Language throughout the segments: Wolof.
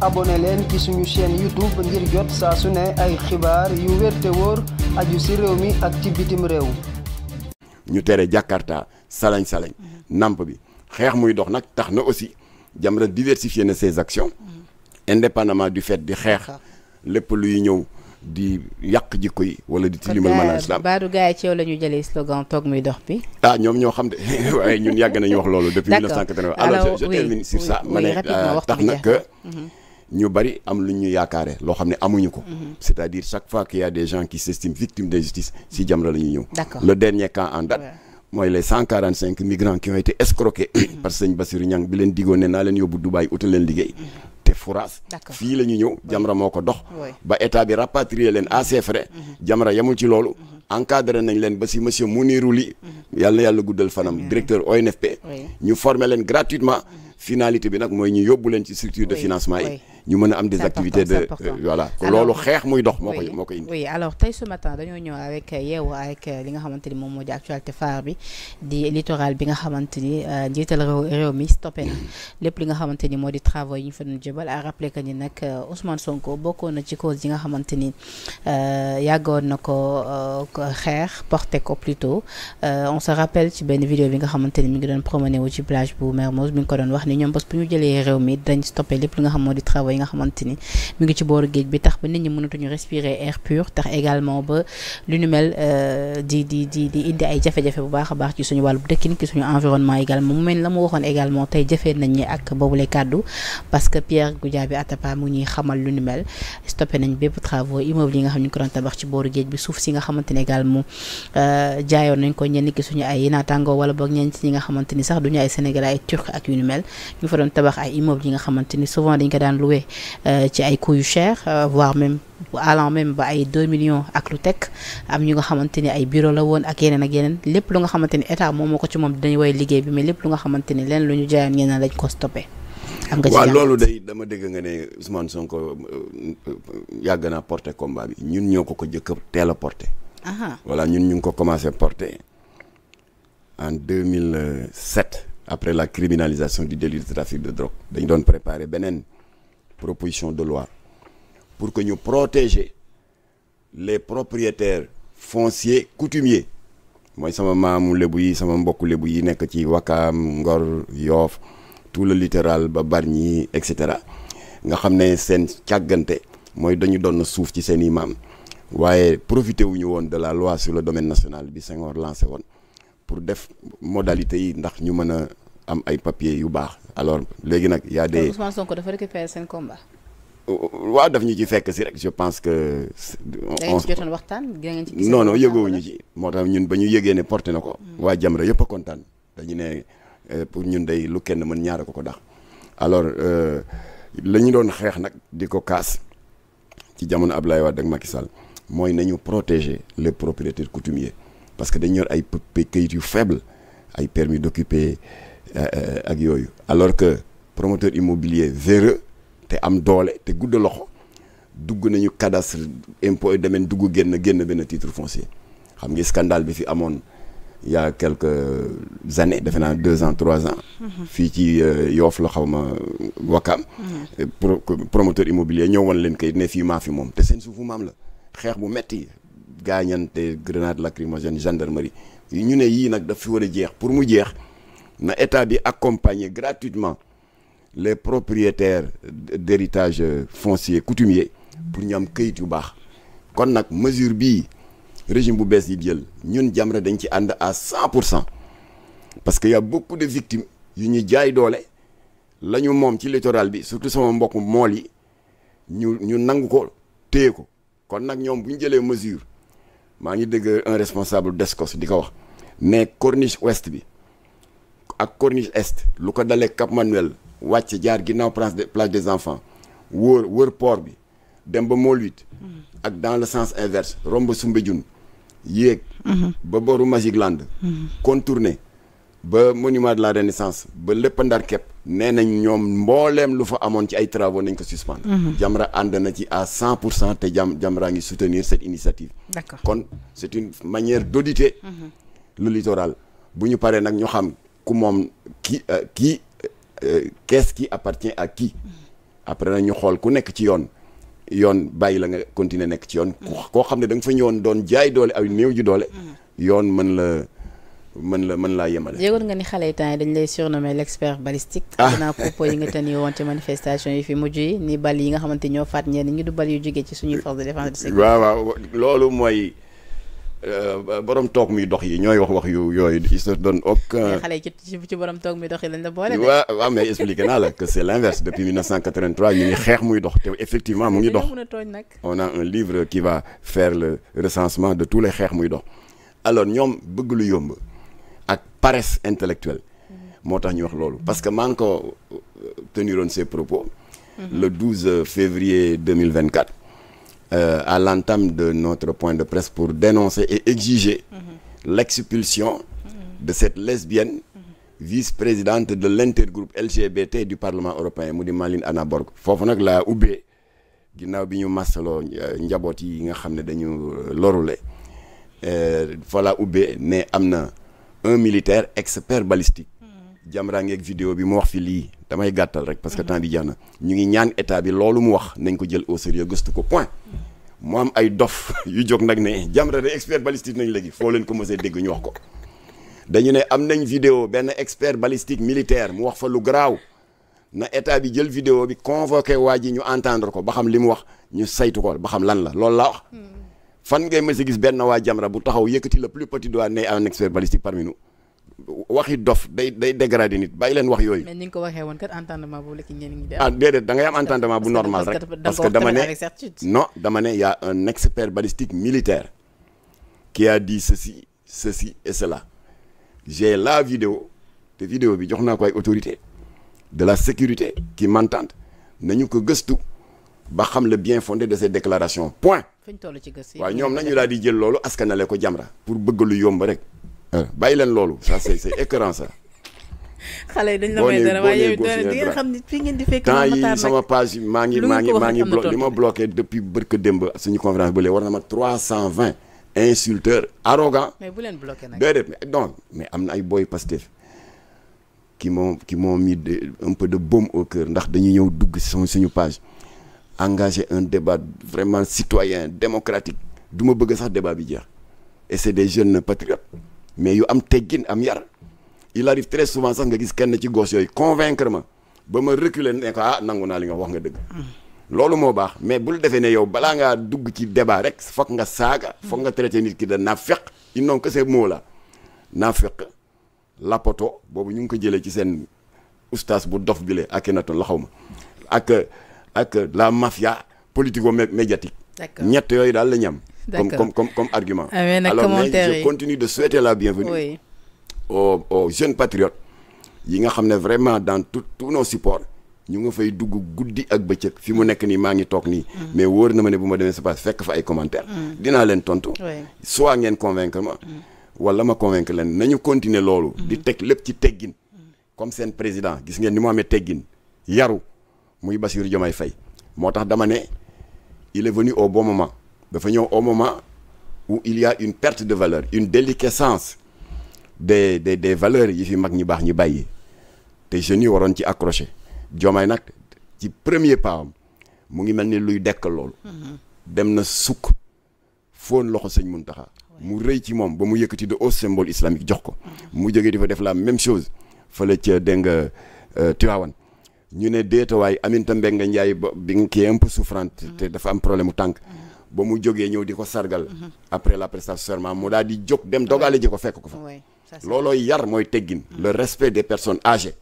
abonné leen ci suñu chaîne YouTube ngir jot saa su ne ay xibaar yu wér wóor aju si réew mi ak ci bitim réew. ñu tere Jakarta salañ salañ namp bi xeex muy dox nag tax na aussi Jamra diversifier na ses actions mm-hmm. indépendamment du fait di xeex lépp luy ñëw. di yàq jikko yi wala di tilimal maanaam euh, islam baadu gars yi ci yow la ñu slogan toog muy dox bi ah ñoom ñoo xam de waaye ñun yàgg nañu wax loolu depuis 1980 alors je termine ma ne euh, tax na que mm-hmm. ñu bari am lu ñu yaakaare loo xam ne amuñu ko. Mhm. c'est-à-dire chaque fois qu'il y a des gens qui s'estiment victimes d'injustice si Jamra la ñuy ñëw. d'accord le dernier cas en date. mooy les cent quarante cinq migrants qui ont été mhm. bi leen diggoon ne naa leen yóbbu Dubaï utal leen liggéey. Mhm. te foras fii la ñu ñëw Jamra moo ko dox. ba état bi rapatrier leen à ses frais. Jamra ci loolu. encadré nañ leen ba si monsieur Mounirou Ly yàlla yàlla guddal fanam directeur ONFP. ñu former leen gratuitement finalité bi nag mooy ñu yóbbu leen ci structure de financement yi. ñu mën a am des activités de euh, voilà loolu xeex muy dox moo koy moo koy indi oui alors tey ce matin dañoo ñëw avec euh, yeewu avec euh, li nga xamante ni moom moo di actualité phare bi di littoral bi nga xamante ni njiital réew mi stoppé na mm-hmm. lépp li nga xamante ni moo di travaux yi ñu fa doon jëbal à rappeler que ni nag Ousmane Sonko bokkoon na ci cause yi nga xamante ni yàggoon na ko xeex porté ko plutôt on se rappelle ci benn vidéo bi nga xamante ni mi ngi doon promené wu ci plage bu Mermoz mi ngi ko doon wax ni ñoom bés bu ñu jëlee réew mi dañ stoppé lépp li nga xam moo di travaux yi nga xamante ni mu ngi ci booru géej bi tax ba nit ñi mënatuñu respirer air pur tax également ba lu ñu mel euh, di di di indi ay jafe-jafe bu baax a baax ci suñu wàllu dëkkin ci suñu environnement également mu mel la ñi ko doon tabax ci booru géej bi suuf si nga xamante ni également euh, jaayoon nañ ko ñenn ki suñu ay naataangoo wala boog ñenn ci nga xamante ni sax duñu ay sénégalais ay turc ak yu ñu fa doon tabax ay immeuble yi nga xamante ni Euh, ci ay coûts yu cher euh, voire même allant même ba ay 2 millions ak lu teg am ñu nga xamante ni ay bureau la woon ak yeneen ak yeneen lépp lu nga xamante ni état moom moo ko ci moom dañu way liggéey bi mais lépp lu nga xamante ni leen lu ñu jaayoon ngeen lañ ko stoppé. am nga ci waaw loolu day dama dégg nga ne Ousmane Sonko euh, yàgg naa porté combat bi ñun ñoo ko ko jëkk teel a porté. voilà ñun ñu ngi ko commencé porté en mille 2007 après la criminalisation du délit de trafic de doon préparé beneen. proposition de loi pour que ñu protéger les propriétaires foncier coutumier mooy sama maamu lébu yi sama mbokku léebu yi nekk ci Wakaam Ngor Yoof tout le littoral ba Bargny et cetera nga xam ne seen càggante mooy dañu doon suuf ci seen i maam waaye profité wu ñu woon de la loi sur le domaine national bi Senghor lancé woon pour def modalité yi ndax ñu mën a am ay papiers yu baax alors léegi nag y a des. Ousmane Sonko dafa récupérer seen combat. waaw daf ñu ci fekk si rek je pense que. da ngeen ci waxtaan ngeen ci gis. ci moo tax ñun ba ñu yëgee ne porté na ko. Hmm. waa Jamra yëpp a kontaan dañu ne eh, pour ñun day lu kenn mën ñaara ko ko dax alors euh, la ñu doon xeex nag di ko kaas ci jamono laay Wade ak Macky Sall mooy nañu protéger les propriétaires coutumiers parce que dañ yor ay këyit yu faible ay permis d'occuper Euh, euh, ak yooyu alors que promoteur immobilier véreux te am doole te gudd loxo dugg nañu cadastre impôt demeen dugg génn génn benn titre foncier xam nga scandale bi fi amoon yaa y a quelques années defe naa deux ans trois ans. Mhm. fii ci euh, Yoff la xaw ma Wakam. Mhm. promoteur immobilier ñëw woon leen kay ne fii maa fi moom te seen suufu maam la xeex bu metti gaañante grenade lacrymogène gendarmerie ñu ne yii nag daf fi war a jeex pour mu jeex. na état bi accompagner gratuitement les propriétaires d'héritage euh, foncier coutumier pour ñu am këyit yu baax kon nag mesure bii régime bu bees yi jël ñun Jamra dañ ci ànd à cent pour cent parce que y a de victimes yu ñu jaay doole la ñu moom ci littoral bi surtout sama mbokk mool yi ñu ñu nangu ko téye ko kon nag ñoom bu jëlee mesure maa ngi dégg un responsable d'Escos di ko wax mais corniche ouest bi ak corniche est lu ko dalee Cap Manuel wàcc jaar ginnaaw place place des enfants wër wër port bi dem ba Môle 8 ak dans le sens inverse romb Soumbédioune yéeg ba boru Magic Land contourné ba monument de la renaissance ba lépp ndar képp nee nañ ñoom mbooleem lu fa amoon ci ay travaux nañ ko suspendre mhm. Jamra ànd na ci à cent pour cent te jam Jamra ngi soutenir cette initiative d'accord kon c'est une manière d'auditer mhm. le littoral bu ñu paree nag ñu xam ku moom ki euh, kii euh, kees ki appartient à qui après na ñu xool ku nekk ci yoon yoon bàyyi la nga continuer nekk ci yoon mm. koo xam ne da fa ñëwoon doon jaay doole ay néew ji doole mm. yoon mën la mën la mën laa yemale yëgoon nga ni xale yi temps yi dañ lay surnommé l' expert balistique dinaa ah. propos yi nga tani woon ci manifestation yi fi mujj yi ni bal yi nga xamante ñoo faat ñenn ngi du bal yu jógee ci suñuy force de défense de sécurité waaw waaw loolu mooy Euh, borom toog muy dox yi ñooy wax wax yu yooyu il se donne aucun. xale ci ci borom toog muy dox yi lañ la boole de. waaw waaw mais expliqué naa la que c' est l' inverse depuis 1983 ñu ngi xeex muy dox te effectivement mu ngi dox. on a un livre qui va faire le recensement de tous les xeex muy dox. alors ñoom bëgg lu yomb ak paresse intellectuelle mm-hmm. moo tax ñu wax loolu parce que maa ngi ko euh, teniroon ses propos. Mm-hmm. le 12 février 2024. euh, à l'entame de notre point de presse pour dénoncer et exiger mmh. l'expulsion mm-hmm. de cette lesbienne mm-hmm. vice-présidente de l'intergroupe LGBT du Parlement européen mu di Malin Anna Borg foofu nag laa ubbee ginnaaw bi ñu masaloo euh, njaboot yi nga xam ne dañu euh, lorule euh, fa laa ubbee ne am na un militaire expert balistique Jamra ngeeg vidéo bi mu wax fi lii damay gàttal rek parce que temps bi jeex na ñu ngi ñaan état bi loolu mu wax nañ ko jël au sérieux gëstu ko point mu am ay dof yu jóg nag ne Jamra de expert balistique nañ léegi foo leen ko mosee dégg ñu wax ko dañu ne am nañ vidéo benn expert balistique militaire mu wax fa lu garaaw na état bi jël vidéo bi convoqué waa ji ñu entendre ko ba xam li mu wax ñu saytu ko ba xam lan la loolu laa wax hmm. fan ngay mës benn waa Jamra bu taxaw yëkkati le plus petit doigt ne un expert balistique parmi nous waxi dof day day dégradé nit bàyyi leen wax yooyu. mais ni nga ko waxee woon kat entendement boobu la ci ñenn ñi di ah déedéet da ngay am entendement bu normal rek parce que dama ne non dama ne y a un expert balistique militaire qui a dit ceci ceci et cela j'ai la vidéo te vidéo bi jox naa koy autorité de la sécurité qui m'entendent nañu ko gëstu ba xam le bien fondé de ces déclarations point. fuñ toll ci gëstu waaw ñoom nañu daal di jël loolu askanale ko Jamra pour bëgg lu yomb rek. Euh, bàyyi leen loolu ça c'est c'est écœurant ça. xale yi sama page yi maa ngi maa ngi maa ngi bloqué li ma bloqué depuis barke démb suñu conférence bu lee war na ma 320 cent arrogant mais bu leen bloqué nag déedéet non am na ay boy Pastef qui m'ont qui moom mis de un peu de baume au cœur ndax dañuy ñëw dugg si suñu page engage un débat vraiment citoyen démocratique du ma bëgg sax débat bi jeex et c'est des jeunes patriotes mais yu am teggin am yar il arrive très souvent sax nga gis kenn ci gos yooyu convaincre ma ba ma reculer ne ko ah nangu naa li nga wax nga dëgg loolu moo baax mais bul defee ne yow balaa ngaa dugg ci débat rek foog nga saaga foog nga traité nit ki da naafeq ils n'ont que ces mots là naafeq lapoto boobu ñu ngi ko jëlee ci seen oustaz bu dof bi le Akhenaton la xaw ma ak ak la mafia politico médiatique ñett yooyu daal la ñu am comme, comme, comme, comme, argument. Ah, Alors, mais je continue de souhaiter la bienvenue oui. aux, aux, jeunes patriotes. Ils sont vraiment dans tous nos supports. ñu nga fay dugg guddi ak bëccëg fi mu nekk nii maa ngi toog nii. Mm. mais wóor na ma ne bu ma demee Sepas fekk fa ay commentaires. Mm. dinaa leen tontu. soit ngeen convaincre ma. Mm. wala ma convaincre leen nañu continuer loolu. di teg lépp ci teggin. comme seen président gis ngeen ni mu amee teggin yaru muy Bassirou Diomaye Faye moo tax dama ne il est venu au bon dafa ñëw au moment où il y une perte de valeur une déliquescence de de des valeurs yi fi mag ñi baax ñi bàyyi te jeunes yi waroon ci accroché Diomaye nag ci premier pas am mu ngi mel ni luy dekk loolu. Mm-hmm. dem na sukk foo loxo sëñ taxa mu rëy ci moom ba mu yëkkati de haut symbole islamique jox ko. Mm-hmm. mu jógee di fa def la même chose fële ca dégg nga euh, Tivaouane ñu ne déetawaay Aminata Mbengue Ndiaye ba bi nga kii un peu souffrante te mm-hmm. dafa am problème mu tànk. ba mu jógee ñëw di ko sargal. Mhm. après la prestation serment mu daal jóg dem dogale ji ko fekk ko fa. loolooy yar mooy teggin. Mhm. le respect des personnes âgées.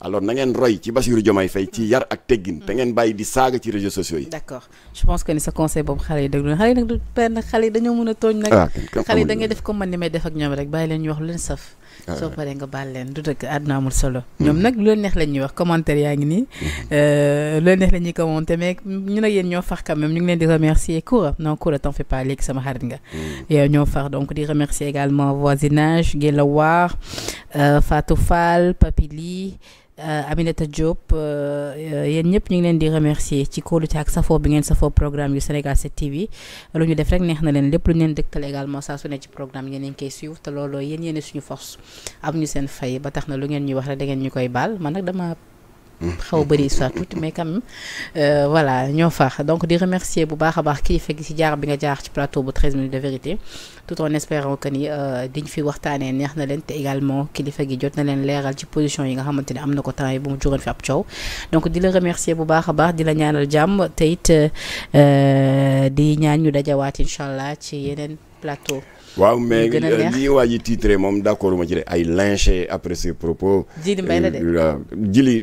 alors na roy ci Bassirou Diomaye Faye ci yar ak teggin mhm. te ngeen bàyyi di saaga ci réseaux sociaux yi. d' je pense que ni sa conseil boobu xale yi déglu na xale yi nag du père nag xale yi dañoo mën a tooñ nag. Ah, xale yi da def comme man ni may def ak ñoom rek bàyyi leen ñu wax lu leen saf. Ah, soo paree nga baal leen du dëgg àdduna amul solo. Mm-hmm. ñoom nag lu leen neex la ñuy wax commentaire yaa ngi nii. Mm-hmm. Euh, lu leen neex la ñuy commenté mais ñu nag yéen ñoo fax quand même ñu ngi leen di remercier Koura non Koura t'en fais pas léegi sama xarit nga. Mm-hmm. yow ñoo fax donc di remercier également voisinage Gélawar euh, Fatou Fall Papili Euh, Aminata Diop euh, euh, yéen ñëpp ñu ngi leen di remercier ci kóolute ak safoo bi ngeen safoo programme yu Sénégal 7 TV lu ñu def rek neex na leen lépp lu ñu leen dëgtal également saa su ne ci programme yéen ngi koy suivre te looloo yéen yéen suñu force am ñu seen fay ba tax na lu ngeen ñuy wax rek da ngeen ñu koy baal man nag dama xaw bëri histoire tuuti mais quand même euh, voilà ñoo faax donc di remercier bu baax a baax kilifa gi ci jaar bi nga jaar ci plateau bu 13 minutes de vérité tout en espérant que ni euh, diñ fi waxtaanee neex na leen te également kilifa gi jot na leen leeral ci position yi nga xamante ni am na ko temps yi bu mu juróon fi ab coow donc di la remercier bu baax a baax di la ñaanal jàmm teyit it euh, di ñaan ñu dajawaat incha allah ci yeneen plateau waaw mais lii waa ji titré moom d' accord ma ci de ay lynché après ses propos. jili Mbaye la de. Euh, euh, Djily